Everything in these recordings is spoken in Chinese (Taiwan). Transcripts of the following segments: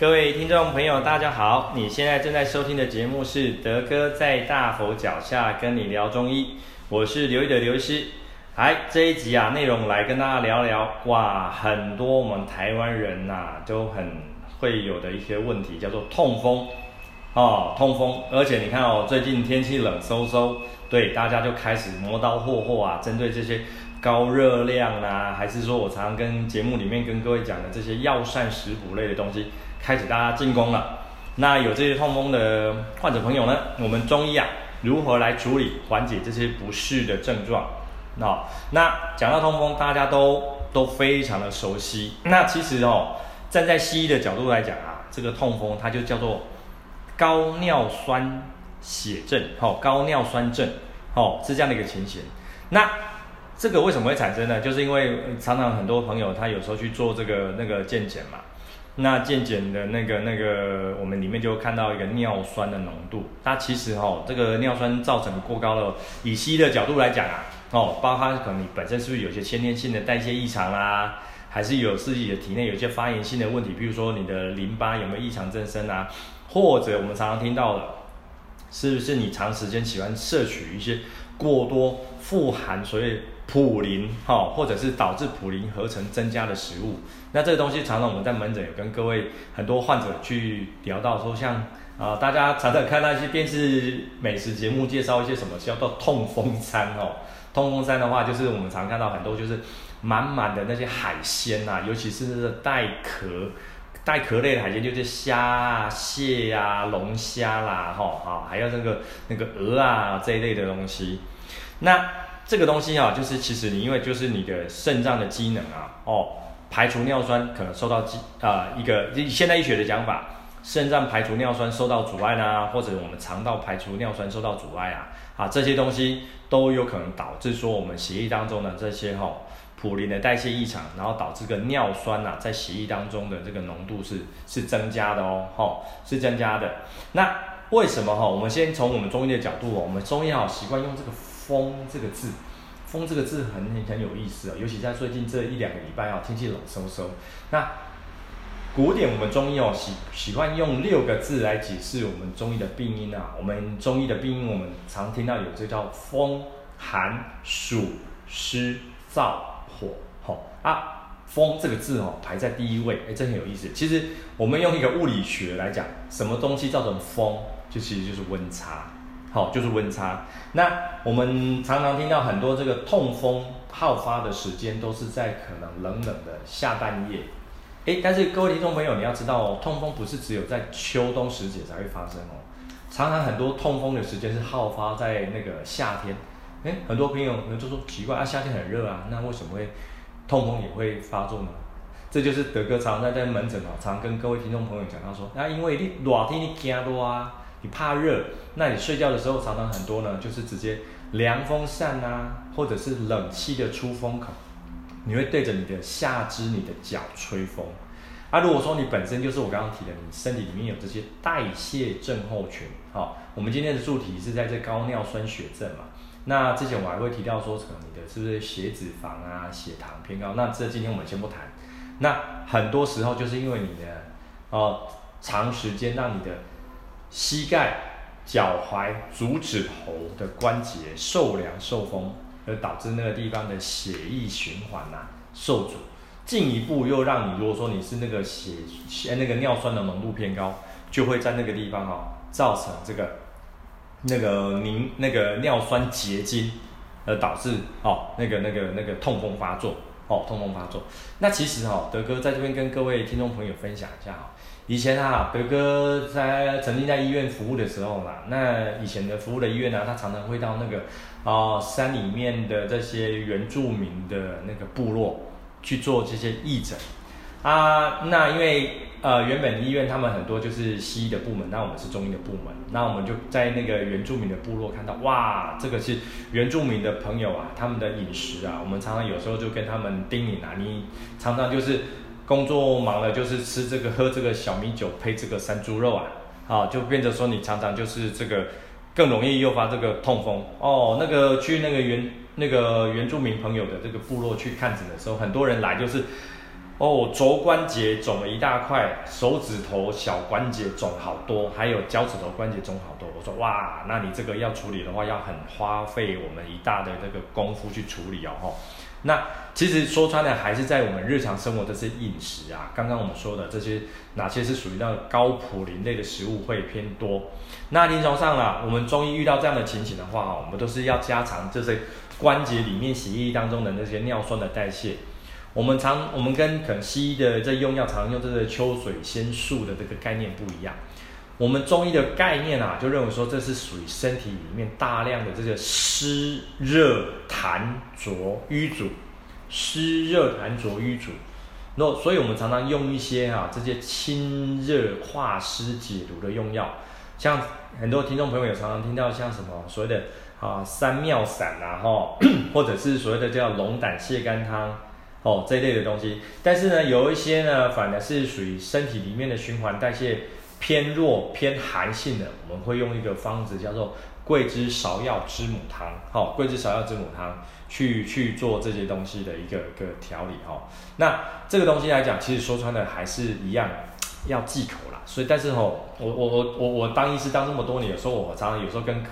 各位聽眾朋友，大家好！你現在正在收聽的節目是《德哥在大佛腳下跟你聊中醫》，我是劉意的劉醫師。來，這一集啊，內容來跟大家聊聊哇，很多我們台灣人吶、啊、都很會有的一些問題，叫做痛風啊、哦，痛風。而且你看哦，最近天氣冷颼颼，對大家就開始磨刀霍霍啊，針對這些高熱量啊，還是說我常常跟節目裡面跟各位講的這些藥膳食補類的東西。開始大家進攻了，那有這些痛風的患者朋友呢？我們中醫啊，如何來處理緩解這些不適的症狀？那那講到痛風，大家都都非常的熟悉。那其實哦，站在西醫的角度來講啊，這個痛風它就叫做高尿酸血症，哦，高尿酸症，哦，是這樣的一個情形。那這個為什麼會產生呢？就是因為常常很多朋友他有時候去做這個那個健檢嘛。那健檢的那個那個，我們裡面就會看到一個尿酸的濃度。它其實哈、哦，這個尿酸造成過高了，以西醫的角度來講啊，哦，包括可能你本身是不是有些先天性的代謝異常啦、啊，還是有自己的體內有些發炎性的問題，比如說你的淋巴有沒有異常增生啊，或者我們常常聽到的，是不是你長時間喜歡攝取一些過多富含所以。普林，或者是導致普林合成增加的食物，那這個東西常常我們在門診有跟各位很多患者去聊到說，說像啊、呃，大家常常看那些電視美食節目介紹一些什麼叫做痛風餐、哦、痛風餐的話就是我們常、常看到很多就是滿滿的那些海鮮吶、啊，尤其是帶殼帶殼類的海鮮，就是蝦、蟹啊、龍蝦啦，啊、哦，還有那個那個鵝啊這一類的東西，那。這個東西哈、啊，就是其實你因為就是你的腎臟的機能啊，哦，排除尿酸可能受到激，啊、呃、一個現代醫學的講法，腎臟排除尿酸受到阻礙呢、啊，或者我們腸道排除尿酸受到阻礙啊，啊這些東西都有可能導致說我們血液當中的這些哈、哦，普林的代謝異常，然後導致這個尿酸吶、啊、在血液當中的這個濃度是是增加的哦，哈、哦、是增加的。那為什麼哈、哦？我們先從我們中醫的角度哦，我們中醫哈習慣用這個。.風這個字，風這個字很很，很有意思哦，尤其在最近這一兩個禮拜哦，天氣冷颼颼。那古典我們中醫哦喜喜歡用六個字來解釋我們中醫的病因啊。我們中醫的病因，我們常聽到有這叫風寒暑濕燥火哈、哦、啊。風這個字哦排在第一位，哎，這很有意思。其實我們用一個物理學來講，什麼東西造成風？就其實就是溫差。好、哦，就是溫差。那我們常常聽到很多這個痛風好發的時間都是在可能冷冷的下半夜，哎，但是各位聽眾朋友，你要知道哦，痛風不是只有在秋冬時節才會發生哦，常常很多痛風的時間是好發在那個夏天，哎，很多朋友可能就說奇怪啊，夏天很熱啊，那為什麼會痛風也會發作呢？這就是德哥常在在門診啊、哦，常跟各位聽眾朋友講到說，那、啊、因為你熱天你驚多啊。你怕熱，那你睡覺的時候常常很多呢，就是直接涼風扇啊，或者是冷氣的出風口，你會對着你的下肢、你的腳吹風。啊，如果說你本身就是我剛剛提的，你身體裡面有這些代謝症候群，好，我們今天的主題是在這高尿酸血症嘛。那之前我還會提到說，成你的是不是血脂肪啊、血糖偏高？那這今天我們先不談。那很多時候就是因為你的哦、呃，長時間讓你的膝蓋、腳踝、足趾頭的關節受涼受風，而導致那個地方的血液循環吶受阻，進一步又讓你，如果說你是那個血血那個尿酸的濃度偏高，就會在那個地方哈造成這個那個凝那個尿酸結晶，而導致哦那個那個那個痛風發作。哦，痛風發作。那其實哦，德哥在這邊跟各位聽眾朋友分享一下哈、哦，以前啊，德哥在曾經在醫院服務的時候嘛，那以前的服務的醫院呢、啊，他常常會到那個、哦、山裡面的這些原住民的那個部落去做這些義診。啊，那因為呃，原本醫院他們很多就是西醫的部門，那我們是中醫的部門，那我們就在那個原住民的部落看到，哇，這個是原住民的朋友啊，他們的飲食啊，我們常常有時候就跟他們叮嚀啊，你常常就是工作忙了，就是吃這個喝這個小米酒配這個山豬肉啊，啊，就變成說你常常就是這個更容易誘發這個痛風哦。那個去那個原那個原住民朋友的這個部落去看診的時候，很多人來就是。哦，肘關節腫了一大塊，手指頭小關節腫好多，還有腳趾頭關節腫好多。我說哇，那你這個要處理的話，要很花費我們一大的這個功夫去處理哦。那其實說穿了，還是在我們日常生活這些飲食啊，剛剛我們說的這些哪些是屬於那個高普林類的食物會偏多。那臨床上啊，我們中醫遇到這樣的情形的話，啊，我們都是要加強這些關節裡面血液當中的那些尿酸的代謝。我們常，我們跟可能西醫的在用藥常用這個秋水仙素的這個概念不一樣，我們中醫的概念啊，就認為說這是屬於身體裡面大量的這個濕熱痰濁瘀阻，濕熱痰濁瘀阻，那、no, 所以我們常常用一些啊這些清熱化濕解毒的用藥，像很多聽眾朋友也常常聽到像什麼所謂的啊三妙散吶哈，或者是所謂的叫龍膽瀉肝湯。哦，這一類的東西，但是呢，有一些呢，反而是屬於身體裡面的循環代謝偏弱、偏寒性的，我們會用一個方子叫做桂枝芍藥知母湯，好，哦，桂枝芍藥知母湯去去做這些東西的一個一個調理，哈，哦。那這個東西來講，其實說穿了還是一樣的。要忌口啦，所以但是吼、哦，我我我我我當醫師當這麼多年，有時候我常常有時候跟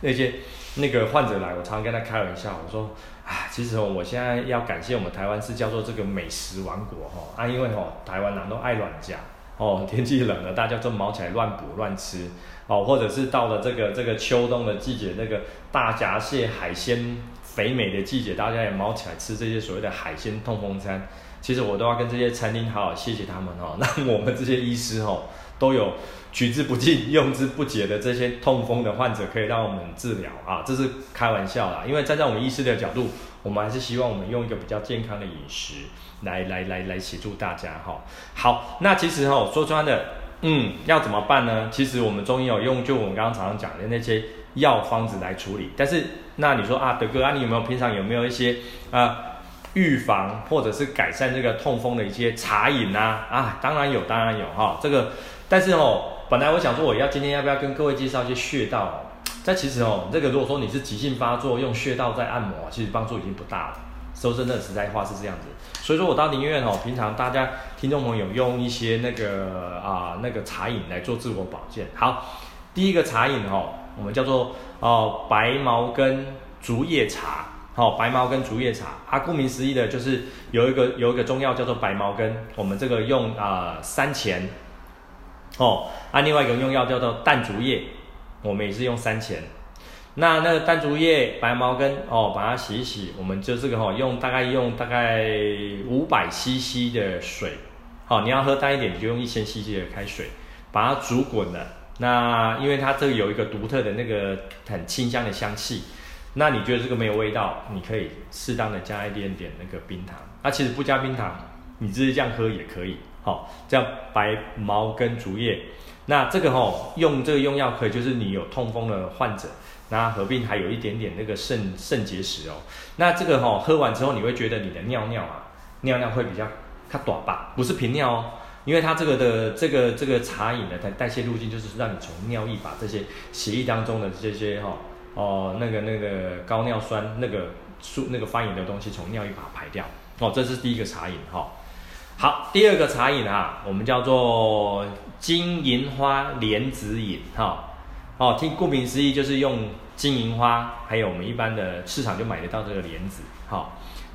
那些那個患者來，我常常跟他開玩笑，我說，唉，其實我現在要感謝我們台灣是叫做這個美食王國哈、哦、啊，因為吼、哦，台灣人都愛亂夾哦，天氣冷了大家就毛起來亂補亂吃哦，或者是到了這個這個秋冬的季節，那個大閘蟹海鮮肥美的季節，大家也毛起來吃這些所謂的海鮮痛風餐。其實我都要跟這些餐廳好好謝謝他們哦，那我們這些醫師哦，都有取之不盡、用之不竭的這些痛風的患者可以讓我們治療啊，這是開玩笑啦，因為站在我們醫師的角度，我們還是希望我們用一個比較健康的飲食來來來來，來協助大家哈、哦。好，那其實哦，說穿了，嗯，要怎麼辦呢？其實我們中醫有用，就我們剛剛常常講的那些藥方子來處理，但是那你說啊，德哥啊，你有沒有平常有沒有一些啊？預防或者是改善這個痛風的一些茶飲吶啊，啊，啊，當然有，當然有哈、哦。這個，但是哦，本來我想說我要今天要不要跟各位介紹一些穴道、啊。但其實哦，這個如果說你是急性發作，用穴道在按摩，其實幫助已經不大了。說真的，實在話是這樣子。所以說我倒寧願哦，平常大家聽眾朋友用一些那個啊、呃、那個茶飲來做自我保健。好，第一個茶飲哦，我們叫做哦、呃、白茅根竹葉茶。好、哦，白茅根竹葉茶，它、啊、顧名思義的就是有一個有一個中藥叫做白茅根，我們這個用啊、呃、三錢，哦，啊另外一個用藥叫做淡竹葉，我們也是用三錢，那那個淡竹葉白茅根哦，把它洗一洗，我們就這個哦用大概用大概五百 CC 的水，好、哦，你要喝淡一點你就用一千 CC 的開水，把它煮滾了，那因為它這裡有一個獨特的那個很清香的香氣。那你覺得這個沒有味道，你可以適當的加一點點那個冰糖。那、啊、其實不加冰糖，你直接這樣喝也可以。好、哦，這樣白茅根竹葉。那這個哈、哦、用這個用藥可以，就是你有痛風的患者，那合併還有一點點那個腎腎結石哦。那這個哈、哦、喝完之後，你會覺得你的尿尿啊，尿尿會比較它短吧，不是頻尿，哦，因為它這個的這個這個茶飲的代代謝路徑就是讓你從尿液把這些血液當中的這些哈、哦。哦，那個那個高尿酸那個那個發炎的東西，從尿液把它排掉。哦，這是第一個茶飲哈、哦。好，第二個茶飲哈、啊，我們叫做金銀花蓮子飲哈、哦。哦，聽顧名思義，就是用金銀花，還有我們一般的市場就買得到這個蓮子哈、哦。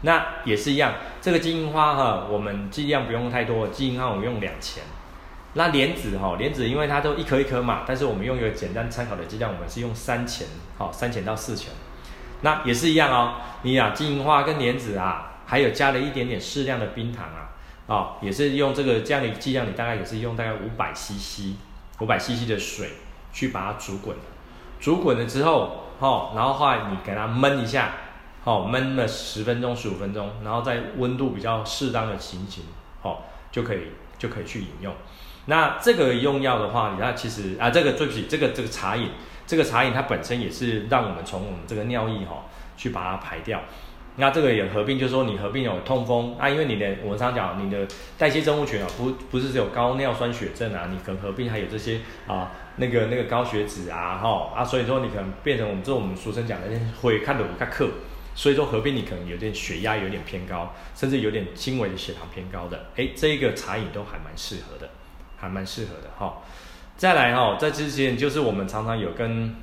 那也是一樣，這個金銀花哈、啊，我們盡量不用太多，金銀花我們用兩錢。那蓮子哈，蓮子因為它都一顆一顆嘛，但是我們用一個簡單參考的劑量，我們是用三錢，哈，三錢到四錢，那也是一樣哦。你啊金銀花跟蓮子啊，還有加了一點點適量的冰糖啊，哦，也是用這個這樣的劑量，你大概也是用大概五百 CC，五百 CC 的水去把它煮滾，煮滾了之後，哦，然後話，你給它燜一下，哦，燜了十分鐘十五分鐘，然後在溫度比較適當的情形，哦，就可以就可以去飲用。那這個用藥的話，你看其實啊，這個，對不起，這個這個茶飲，這個茶飲、這個、它本身也是讓我們從我們這個尿液哈去把它排掉。那這個也合併，就是、說你合併有痛風啊，因為你的我們常講你的代謝症候群啊，不不是只有高尿酸血症啊，你可能合併還有這些啊，那個那個高血脂啊哈啊，所以說你可能變成我們這種我們俗稱講的會看堵個克，所以說合併你可能有點血壓有點偏高，甚至有點輕微的血糖偏高的，哎、欸，這一個茶飲都還蠻適合的。還蠻適合的哈、哦，再來哈、哦，在之前就是我們常常有跟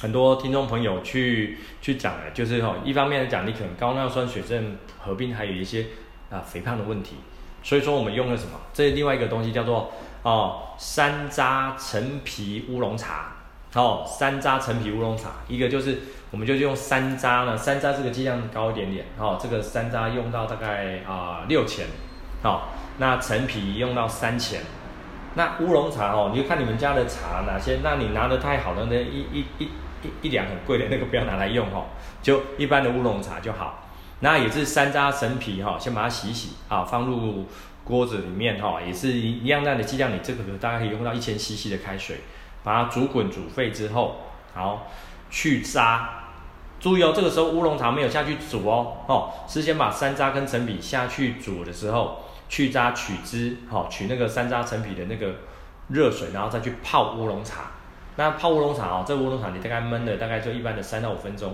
很多聽眾朋友去去講就是哈、哦，一方面講你可能高尿酸血症合併還有一些啊、呃、肥胖的問題，所以說我們用了什麼？這個、另外一個東西叫做哦山楂、陳皮、烏龍茶，哦山楂、陳皮、烏龍茶，一個就是我們就用山楂呢，山楂這個劑量高一點點，哦這個山楂用到大概啊、呃、六錢，好、哦。那陳皮用到三錢，那烏龍茶哦，你就看你們家的茶哪些，那你拿的太好的那一一一一一兩很貴的那個不要拿來用哈、哦，就一般的烏龍茶就好。那也是山楂、陳皮哈、哦，先把它洗洗啊，放入鍋子裡面哈、哦，也是一樣的的劑量，你這個大概可以用到一千 CC 的開水，把它煮滾煮沸之後，好，去渣。注意哦，這個時候烏龍茶沒有下去煮哦，哦，是先把山楂跟陳皮下去煮的時候。去渣取汁，好取那個山楂陳皮的那個熱水，然後再去泡烏龍茶。那泡烏龍茶哦，這個烏龍茶你大概燜了大概就一般的三到五分鐘。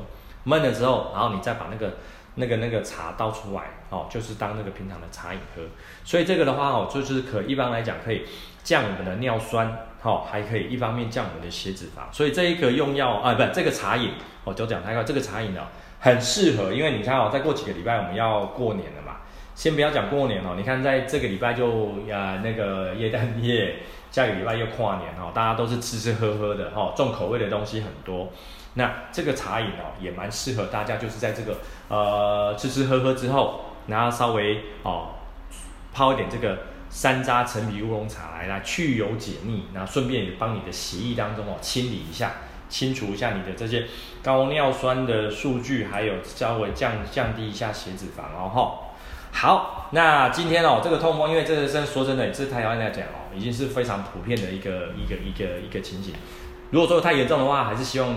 燜了之後，然後你再把那個那個那個茶倒出來，哦，就是當那個平常的茶飲喝。所以這個的話哦，就，就是可一般來講可以降我們的尿酸，好還可以一方面降我們的血脂肪。所以這一顆用藥啊，不這個茶飲哦，就講太快。這個茶飲呢，這個、很適合，因為你看哦，再過幾個禮拜我們要過年了嘛。先不要講過年哦，你看在這個禮拜就呃那個耶誕夜，下個禮拜又跨年哦，大家都是吃吃喝喝的哈、哦，重口味的東西很多。那這個茶飲哦，也蠻適合大家，就是在這個呃吃吃喝喝之後，然後稍微哦泡一點這個山楂陳皮烏龍茶來啦，去油解膩，然後順便也幫你的血液當中哦清理一下，清除一下你的這些高尿酸的數據，還有稍微降降低一下血脂肪哦哈。好，那今天哦，這個痛風，因為這是說真的，這是台灣來講哦，已經是非常普遍的一個一個一個一個情形。如果說太嚴重的話，還是希望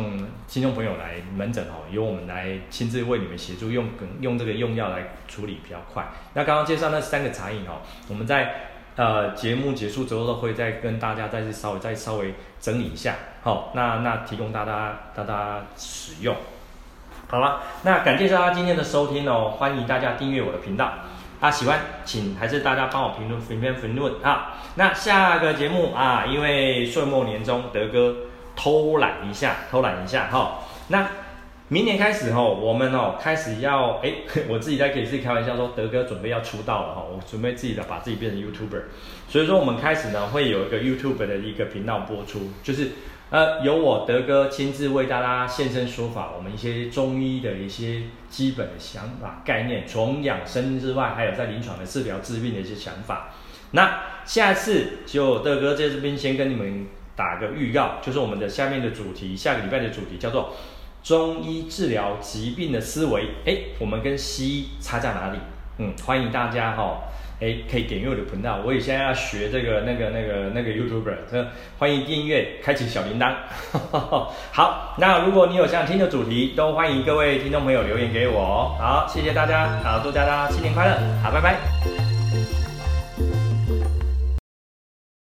聽眾朋友來門診哦，由我們來親自為你們協助用用這個用藥來處理比較快。那剛剛介紹那三個茶飲哦，我們在呃節目結束之後會再跟大家再稍微再稍微整理一下，好，哦，那那提供大家大家使用。好了，那感謝大家今天的收聽哦，歡迎大家訂閱我的頻道。啊，喜歡請還是大家幫我評論、評論評論啊。那下個節目啊，因為歲末年終，德哥偷懶一下，偷懶一下哈、哦。那明年開始哈、哦，我們哦開始要哎，我自己在給自己開玩笑說，德哥準備要出道了哈、哦，我準備自己的把自己變成 YouTuber，所以說我們開始呢會有一個 YouTuber 的一個頻道播出，就是。呃，由我德哥親自為大家現身說法，我們一些中醫的一些基本的想法、概念，從養生之外，還有在臨床的治療、治病的一些想法。那下次就德哥在這邊先跟你們打個預告，就是我們的下面的主題，下個禮拜的主題叫做中醫治療疾病的思維。誒，我們跟西醫差在哪裡？嗯，歡迎大家哈、哦。哎，可以點入我的頻道，我以前要學這個那個那個那個 YouTuber，這歡迎訂閱，開啟小鈴鐺。 好，那如果你有想聽的主題，都歡迎各位聽眾朋友留言給我。好，謝謝大家，啊，祝大家新年快樂，好，拜拜。